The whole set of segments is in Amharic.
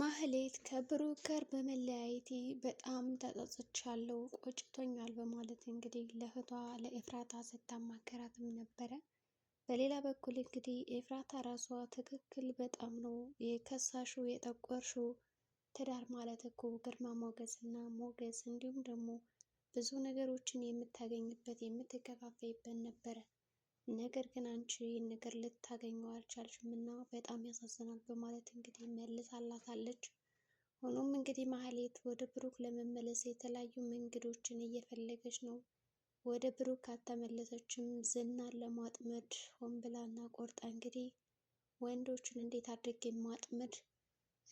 ማህሌት ከብሩክ ጋር በመለያየቴ በጣም ተጸጽቻለሁ፣ ቆጭቶኛል በማለት እንግዲህ ለእህቷ ለኤፍራታ ስታማከራትም ነበረ። በሌላ በኩል እንግዲህ ኤፍራታ ራሷ ትክክል በጣም ነው የከሳሹ የጠቆርሹ ትዳር ማለት እኮ ግርማ ሞገስ እና ሞገስ እንዲሁም ደግሞ ብዙ ነገሮችን የምታገኝበት የምትከፋፈይበት ነበረ። ነገር ግን አንቺ ይህን ነገር ልታገኘው አልቻልሽም እና በጣም ያሳዝናል በማለት እንግዲህ መልሳላታለች። ሆኖም እንግዲህ ማህሌት ወደ ብሩክ ለመመለስ የተለያዩ መንገዶችን እየፈለገች ነው። ወደ ብሩክ ካልተመለሰችም ዝናን ለማጥመድ ሆን ብላና ቆርጣ እንግዲህ ወንዶችን እንዴት አድርጌ ማጥመድ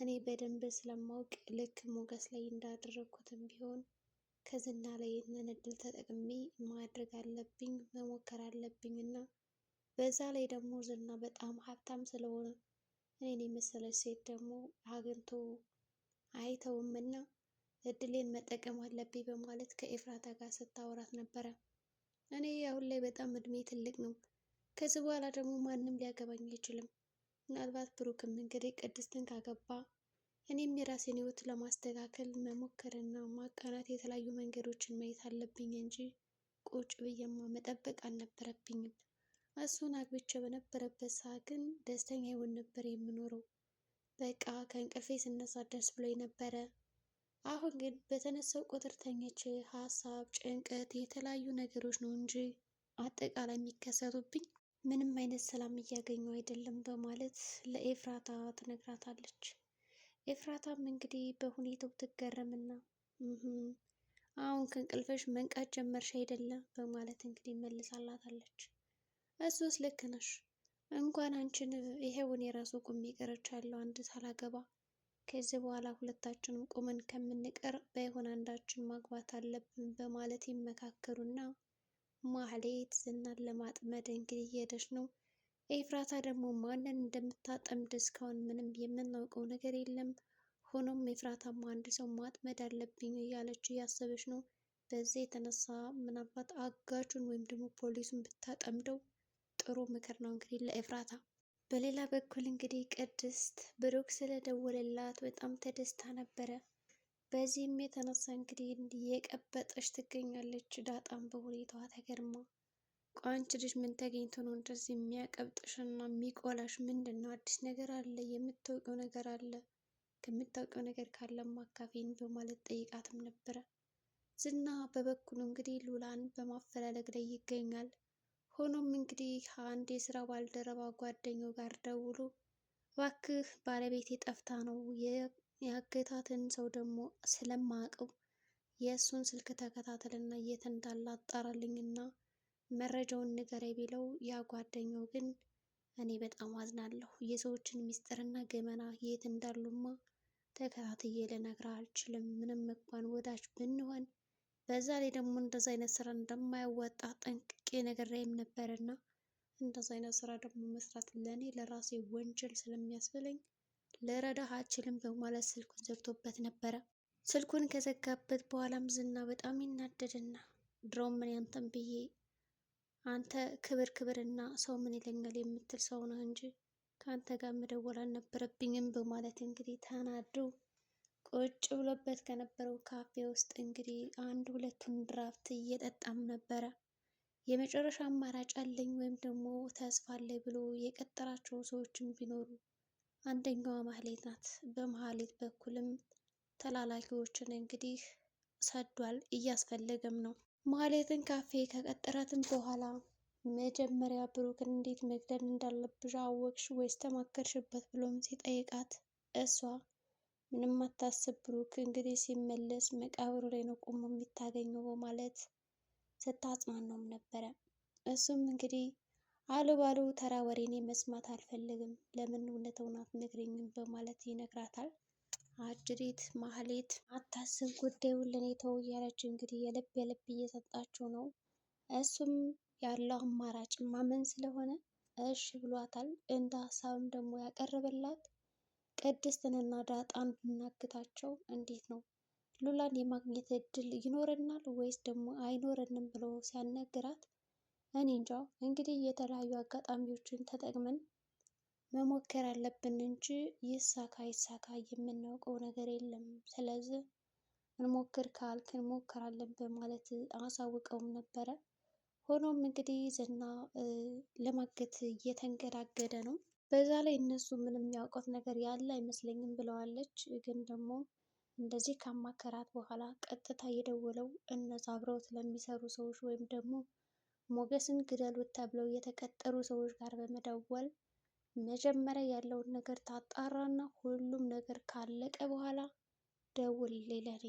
እኔ በደንብ ስለማውቅ ልክ ሞገስ ላይ እንዳደረግኩትም ቢሆን ከዝና ላይ ይህንን እድል ተጠቅሜ ማድረግ አለብኝ መሞከር አለብኝ እና በዛ ላይ ደግሞ ዝና በጣም ሀብታም ስለሆነ እኔን የመሰለች ሴት ደግሞ አግኝቶ አይተውም እና እድሌን መጠቀም አለብኝ በማለት ከኤፍራታ ጋር ስታወራት ነበረ። እኔ አሁን ላይ በጣም እድሜ ትልቅ ነው። ከዚህ በኋላ ደግሞ ማንም ሊያገባኝ አይችልም። ምናልባት ብሩክም እንግዲህ ቅድስትን ካገባ እኔም የራሴን ህይወት ለማስተካከል መሞከር እና ማቃናት የተለያዩ መንገዶችን ማየት አለብኝ እንጂ ቁጭ ብዬማ መጠበቅ አልነበረብኝም። እሱን አግብቼ በነበረበት ሰዓት ግን ደስተኛ ይሆን ነበር የምኖረው። በቃ ከእንቅልፌ ስነሳ ደስ ብሎኝ ነበረ። አሁን ግን በተነሳው ቁጥር ተኝቼ ሀሳብ፣ ጭንቀት፣ የተለያዩ ነገሮች ነው እንጂ አጠቃላይ የሚከሰቱብኝ ምንም አይነት ሰላም እያገኘው አይደለም በማለት ለኤፍራታ ትነግራታለች። ኤፍራታም እንግዲህ በሁኔታው ትገረምና አሁን ከእንቅልፍሽ መንቃት ጀመርሽ አይደለም በማለት እንግዲህ መልሳላታለች። እሱስ ልክ ነሽ፣ እንኳን አንቺን ይሄውን የራሱ ቁም ይቅርች ያለው አንድ ሳላገባ ከዚህ በኋላ ሁለታችንም ቁመን ከምንቀር በይሆን አንዳችን ማግባት አለብን በማለት ይመካከሩና ማህሌት ዝናን ለማጥመድ እንግዲህ እየሄደች ነው። ኤፍራታ ደግሞ ማንን እንደምታጠምድ እስካሁን ምንም የምናውቀው ነገር የለም። ሆኖም ኤፍራታም አንድ ሰው ማጥመድ አለብኝ እያለች እያሰበች ነው። በዚህ የተነሳ ምናልባት አጋቹን ወይም ደግሞ ፖሊሱን ብታጠምደው ጥሩ ምክር ነው እንግዲህ ለኤፍራታ። በሌላ በኩል እንግዲህ ቅድስት ብሩክ ስለደወለላት በጣም ተደስታ ነበረ። በዚህም የተነሳ እንግዲህ የቀበጠች ትገኛለች። ዳጣም በሁኔታዋ ተገርማ አንቺ ልጅ ምን ተገኝቶ ነው እንደዚህ የሚያቀብጥሽና የሚቆላሽ? ምንድን ነው አዲስ ነገር አለ? የምታውቂው ነገር አለ? ከምታውቂው ነገር ካለ ማካፌን በማለት ጠይቃትም ነበረ። ዝና በበኩሉ እንግዲህ ሉላን በማፈላለግ ላይ ይገኛል። ሆኖም እንግዲህ አንድ የስራ ባልደረባ ጓደኛው ጋር ደውሎ እባክህ ባለቤቴ ጠፍታ ነው ያገታትን ሰው ደግሞ ስለማቀው የእሱን ስልክ ተከታተልና የት እንዳለ አጣራልኝና መረጃውን ንገረኝ ቢለው ያ ጓደኛው ግን እኔ በጣም አዝናለሁ የሰዎችን ምስጢርና ገመና የት እንዳሉማ ተከታትዬ ልነግርህ አልችልም። ምንም እንኳን ወዳጅ ብንሆን በዛ ላይ ደግሞ እንደዛ አይነት ስራ እንደማያዋጣ ጠንቅቄ ነግሬህም ነበር እና እንደዛ አይነት ስራ ደግሞ መስራት ለእኔ ለራሴ ወንጀል ስለሚያስብለኝ ልረዳህ አልችልም በማለት ስልኩን ዘግቶበት ነበረ። ስልኩን ከዘጋበት በኋላም ዝና በጣም ይናደድና ድሮም ምን ያንተን ብዬ አንተ ክብር ክብር እና ሰው ምን ይለኛል የምትል ሰው ነህ እንጂ ከአንተ ጋር መደወል አልነበረብኝም በማለት እንግዲህ ተናዶ ቁጭ ብሎበት ከነበረው ካፌ ውስጥ እንግዲህ አንድ ሁለቱን ድራፍት እየጠጣም ነበረ። የመጨረሻ አማራጭ አለኝ ወይም ደግሞ ተስፋ አለኝ ብሎ የቀጠራቸው ሰዎችም ቢኖሩ አንደኛዋ ማህሌት ናት። በማህሌት በኩልም ተላላኪዎችን እንግዲህ ሰዷል፣ እያስፈለገም ነው። ማህሌትን ካፌ ከቀጠራትም በኋላ መጀመሪያ ብሩክን እንዴት መግደል እንዳለብሽ አወቅሽ ወይስ ተማከርሽበት ብሎም ሲጠይቃት እሷ ምንም አታስብ ብሩክ እንግዲህ ሲመለስ መቃብሩ ላይ ነው ቆሞ የሚታገኘው በማለት ስታጽናናውም ነበረ። እሱም እንግዲህ አሉባሉ ተራ ወሬኔ መስማት አልፈልግም፣ ለምን እውነቱን አትነግረኝም በማለት ይነግራታል። አድሪት ማህሌት አታስብ ጉዳዩን ለኔ ተው እያለች እንግዲህ የልብ የልብ እየሰጣችው ነው። እሱም ያለው አማራጭ ማመን ስለሆነ እሺ ብሏታል። እንደ ሀሳብም ደግሞ ያቀረበላት ቅድስትንና ዳጣን ብናግታቸው እንዴት ነው ሉላን የማግኘት እድል ይኖረናል ወይስ ደግሞ አይኖረንም ብሎ ሲያነግራት እኔ እንጃ እንግዲህ የተለያዩ አጋጣሚዎችን ተጠቅመን መሞከር አለብን እንጂ ይሳካ ይሳካ የምናውቀው ነገር የለም። ስለዚህ እንሞክር ካልክ እንሞክራለን በማለት አሳውቀውም ነበረ። ሆኖም እንግዲህ ዝና ለማገት እየተንገዳገደ ነው። በዛ ላይ እነሱ ምንም የሚያውቁት ነገር ያለ አይመስለኝም ብለዋለች። ግን ደግሞ እንደዚህ ካማከራት በኋላ ቀጥታ የደወለው እነዛ አብረው ስለሚሰሩ ሰዎች ወይም ደግሞ ሞገስን ግደሉት ተብለው የተቀጠሩ ሰዎች ጋር በመደወል መጀመሪያ ያለውን ነገር ታጣራና ሁሉም ነገር ካለቀ በኋላ ደውልልኝ ለኔ።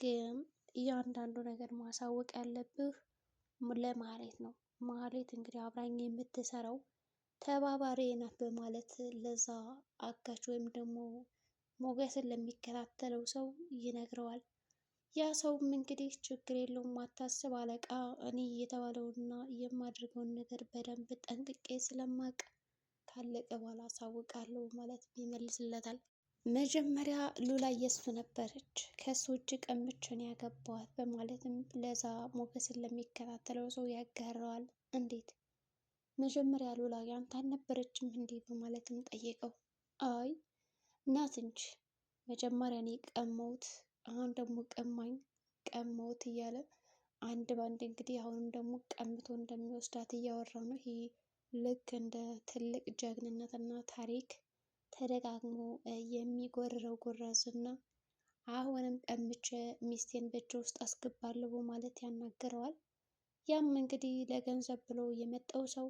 ግን እያንዳንዱ ነገር ማሳወቅ ያለብህ ለማህሌት ነው። ማህሌት እንግዲህ አብራኝ የምትሰራው ተባባሪ ናት በማለት ለዛ አጋች ወይም ደግሞ ሞገስን ለሚከታተለው ሰው ይነግረዋል። ያ ሰውም እንግዲህ ችግር የለውም ማታስብ አለቃ፣ እኔ የተባለውና የማድርገውን ነገር በደንብ ጠንቅቄ ስለማቅ ካለቀ በኋላ አሳውቃለሁ ማለት ይመልስለታል። መጀመሪያ ሉላ የሱ ነበረች ከሱ እጅ ቀምችን ያገባዋት በማለትም ለዛ ሞገስን ለሚከታተለው ሰው ያጋረዋል። እንዴት መጀመሪያ ሉላ ያንተ አልነበረችም እንዴ በማለትም ጠየቀው። አይ ናት እንጂ መጀመሪያ እኔ ቀመውት፣ አሁን ደግሞ ቀማኝ፣ ቀመውት እያለ አንድ ባንድ እንግዲህ አሁንም ደግሞ ቀምቶ እንደሚወስዳት እያወራ ነው ይሄ ልክ እንደ ትልቅ ጀግንነት እና ታሪክ ተደጋግሞ የሚጎርረው ጉራዝ እና አሁንም ቀምቼ ሚስቴን በእጅ ውስጥ አስገባለሁ ማለት ያናግረዋል። ያም እንግዲህ ለገንዘብ ብሎ የመጣው ሰው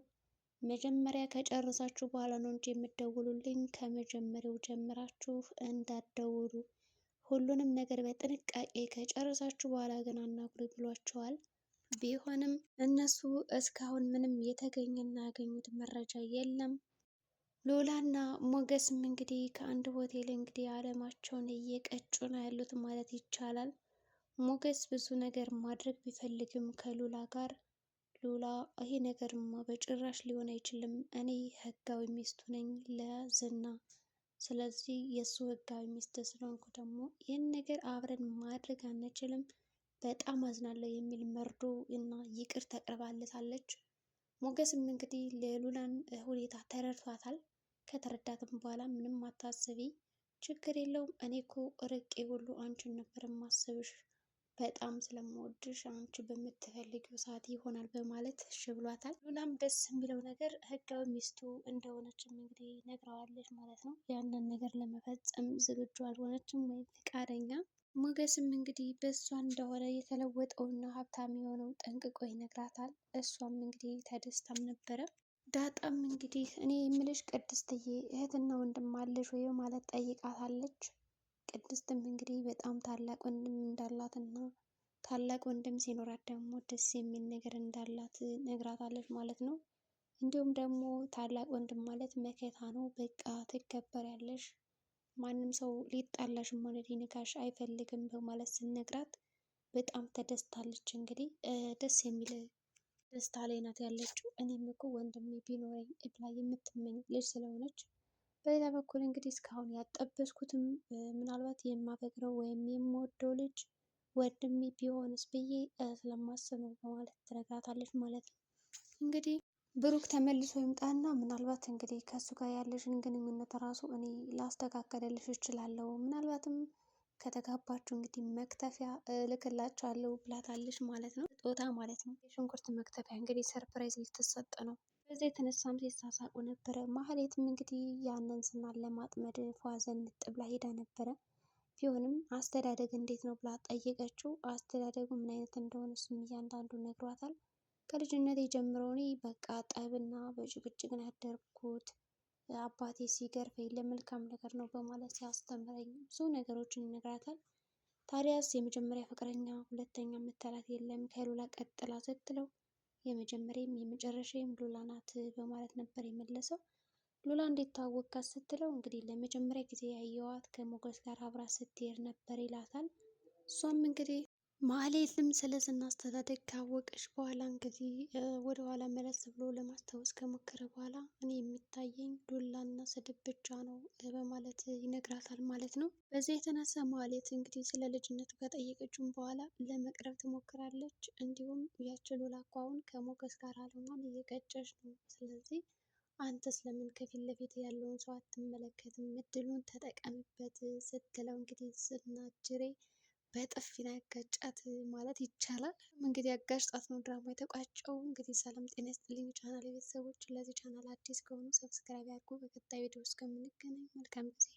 መጀመሪያ ከጨረሳችሁ በኋላ ነው እንጂ የምደውሉልኝ፣ ከመጀመሪያው ጀምራችሁ እንዳትደውሉ፣ ሁሉንም ነገር በጥንቃቄ ከጨረሳችሁ በኋላ ግን አናግሩ ብሏቸዋል። ቢሆንም እነሱ እስካሁን ምንም የተገኘና ያገኙት መረጃ የለም። ሎላና ሞገስም እንግዲህ ከአንድ ሆቴል እንግዲህ አለማቸውን እየቀጩ ነው ያሉት ማለት ይቻላል። ሞገስ ብዙ ነገር ማድረግ ቢፈልግም ከሉላ ጋር ሉላ ይሄ ነገርማ በጭራሽ ሊሆን አይችልም፣ እኔ ህጋዊ ሚስቱ ነኝ ለዝና ስለዚህ የእሱ ህጋዊ ሚስት ስለሆንኩ ደግሞ ይህን ነገር አብረን ማድረግ አንችልም በጣም አዝናለሁ የሚል መርዶ እና ይቅርታ አቅርባለታለች። ሞገስም እንግዲህ ለሉላን ሁኔታ ተረድቷታል። ከተረዳትም በኋላ ምንም አታስቢ፣ ችግር የለውም እኔ እኮ ርቄ ሁሉ አንቺን ነበር ማስብሽ በጣም ስለምወድሽ አንቺ በምትፈልጊው ሰዓት ይሆናል በማለት እሺ ብሏታል። ሉላም ደስ የሚለው ነገር ህጋዊ ሚስቱ እንደሆነችም እንግዲህ ነግረዋለች ማለት ነው። ያንን ነገር ለመፈጸም ዝግጁ አልሆነችም ወይም ፍቃደኛ። ሞገስም እንግዲህ በእሷ እንደሆነ የተለወጠውና ሀብታም የሆነው ጠንቅቆ ይነግራታል። እሷም እንግዲህ ተደስታም ነበረ። ዳጣም እንግዲህ እኔ የምልሽ ቅድስትዬ እህትና ወንድም አለሽ ወይ በማለት ጠይቃታለች። ቅድስትም እንግዲህ በጣም ታላቅ ወንድም እንዳላት እና ታላቅ ወንድም ሲኖራት ደግሞ ደስ የሚል ነገር እንዳላት ነግራታለች ማለት ነው። እንዲሁም ደግሞ ታላቅ ወንድም ማለት መከታ ነው። በቃ ትከበሪያለሽ፣ ማንም ሰው ሊጣላሽ ሆነ ሊነካሽ አይፈልግም በማለት ስነግራት በጣም ተደስታለች። እንግዲህ ደስ የሚል ደስታ ላይ ናት ያለችው። እኔም እኮ ወንድሜ ቢኖረኝ ብላ የምትመኝ ልጅ ስለሆነች በሌላ በኩል እንግዲህ እስካሁን ያጠበስኩትም ምናልባት የማፈቅረው ወይም የምወደው ልጅ ወንድሜ ቢሆንስ ብዬ ስለማስብ ነው በማለት ትነግራታለች ማለት ነው። እንግዲህ ብሩክ ተመልሶ ይምጣና ምናልባት እንግዲህ ከእሱ ጋር ያለሽን ግንኙነት ራሱ እኔ ላስተካከልልሽ እችላለሁ፣ ምናልባትም ከተጋባችሁ እንግዲህ መክተፊያ እልክላችኋለሁ ብላታለች ማለት ነው። ጦታ ማለት ነው። የሽንኩርት መክተፊያ እንግዲህ ሰርፕራይዝ ልትሰጥ ነው። በዚህ የተነሳም ሲሳሳቁ ነበረ። ማህሌትም እንግዲህ ያንን ዝናን ለማጥመድ ፏዘን ብላ ሄዳ ነበረ። ቢሆንም አስተዳደግ እንዴት ነው ብላ ጠየቀችው። አስተዳደጉ ምን አይነት እንደሆነ እሱም እያንዳንዱ ነግሯታል። ከልጅነት የጀምረው እኔ በቃ ጠብና በጭቅጭቅ ነው ያደርኩት አባቴ ሲገርፈኝ ለመልካም ነገር ነው በማለት ሲያስተምረኝ ብዙ ነገሮችን ይነግራታል። ታዲያስ የመጀመሪያ ፍቅረኛ፣ ሁለተኛ መጠላት የለም ከሉላ ቀጥላ ስትለው የመጀመሪያም የመጨረሻም ሉላ ናት በማለት ነበር የመለሰው። ሉላ እንዴት ታወቅካት ስትለው እንግዲህ ለመጀመሪያ ጊዜ ያየዋት ከሞገስ ጋር አብራ ስትሄድ ነበር ይላታል። እሷም እንግዲህ ማህሌትም ስለ ዝና አስተዳደግ ካወቀች በኋላ እንግዲህ ወደ ኋላ መለስ ብሎ ለማስታወስ ከሞከረ በኋላ እኔ የሚታየኝ ዱላና ስድብ ብቻ ነው በማለት ይነግራታል ማለት ነው። በዚህ የተነሳ ማህሌት እንግዲህ ስለ ልጅነቱ ከጠየቀችውም በኋላ ለመቅረብ ትሞክራለች። እንዲሁም ያቺ ሉላ እኮ አሁን ከሞገስ ጋር አለሟን እየቀጨች ነው። ስለዚህ አንተ ስለምን ከፊት ለፊት ያለውን ሰው አትመለከትም? እድሉን ተጠቀምበት ስትለው እንግዲህ ዝና ጅሬ በጥፊን ያጋጫት ማለት ይቻላል። እንግዲህ አጋጭቷት ነው ድራማ የተቋጨው። እንግዲህ ሰላም ጤና ይስጥልኝ ቻናል ቤተሰቦች፣ ለዚህ ቻናል አዲስ ከሆኑ ሰብስክራይብ አድርጉ። በቀጣይ ቪዲዮ እስከምንገናኝ መልካም ጊዜ